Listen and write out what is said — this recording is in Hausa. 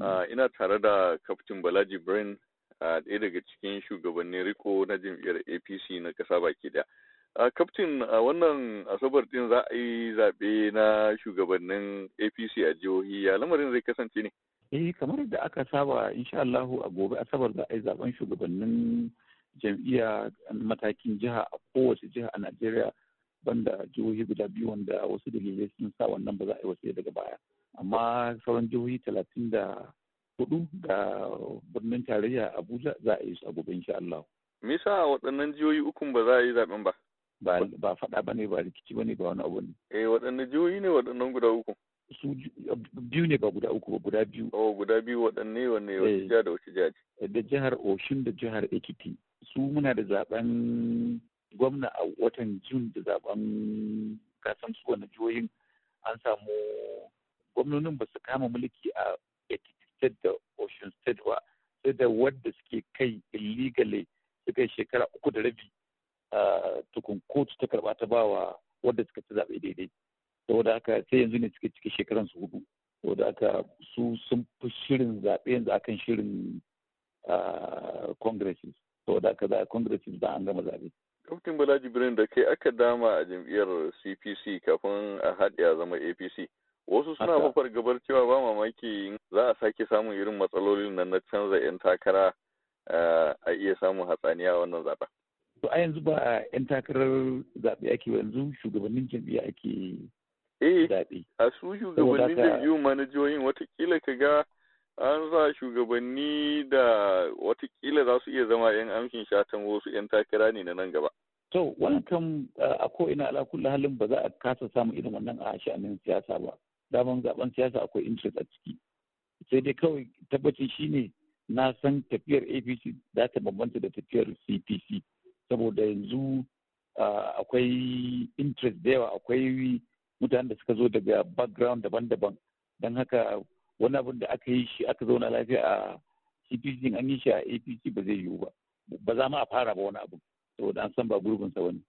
Ah, ina tare da kaftin Balaji Brain ah, ɗaya daga cikin shugabannin riko na jam'iyyar APC na ƙasa baki daya. Kaftin ah, a wannan asabar ɗin za a yi zaɓe na shugabannin APC a jihohi ya lamarin zai kasance ne? Eh kamar yadda aka saba insha Allahu a gobe asabar za a yi zaben shugabannin jam'iyya matakin jiha a kowace jiha a Najeriya banda jihohi guda biyu wanda wasu dalilai sun sa wannan ba za a yi wasu daga baya. amma sauran jihohi talatin da hudu da birnin tarayya Abuja za a yi su a gobe insha Allah. Misa waɗannan jihohi ukun ba za a yi zaɓen ba? Ba faɗa ba ne ba rikici ba ne ba wani abu ne. Eh waɗanne jihohi ne waɗannan guda uku? Su biyu ne ba guda uku ba guda biyu. Oh guda biyu waɗanne wanne wace eh. jiha da wace jiha eh, Da jihar Oshun da jihar Ekiti. Su muna da zaɓen gwamna a watan Jun da zaɓen kasan su wani jihohin an samu gwamnonin ba su kama mulki a Etiket da Ocean State ba sai da wadda suke kai illegally suka yi shekara uku da rabi tukun kotu ta karba ta bawa wadda suka ci zaɓe daidai saboda haka sai yanzu ne suka cike shekaran su hudu saboda haka su sun fi shirin zaɓe yanzu akan shirin congresses saboda haka za a congresses da an gama zaɓe. Kaftin Bala Birnin da kai aka dama a jam'iyyar CPC kafin a haɗe a zama APC. Wasu suna mafar gabar cewa ba mamaki za a sake samun irin matsalolin nan na canza 'yan takara eh, a iya samun hatsaniya a wannan zaɓen. To a yanzu ba 'yan takarar zaɓe ake yanzu shugabannin jam'iyya ake eh, zaɓe. a su shugabannin jam'iyyun manajoyin watakila ka ga an sa shugabanni da watakila za su iya zama 'yan amshin shatan wasu 'yan takara ne na nan gaba. To wannan kam eh, a ko'ina ala halin ba za a kasa samun irin wannan a sha'anin siyasa ba. daman zaben siyasa akwai interest a ciki sai dai kawai tabbaci shine na san tafiyar apc za ta bambanta da tafiyar cpc saboda yanzu akwai interest da yawa akwai mutanen da suka zo daga background daban-daban don haka wani abin da aka yi shi aka zauna lafiya a cpc an yi shi a apc ba zai yiwu ba ba za mu a fara ba wani abu saboda an san ba gurbin sa wani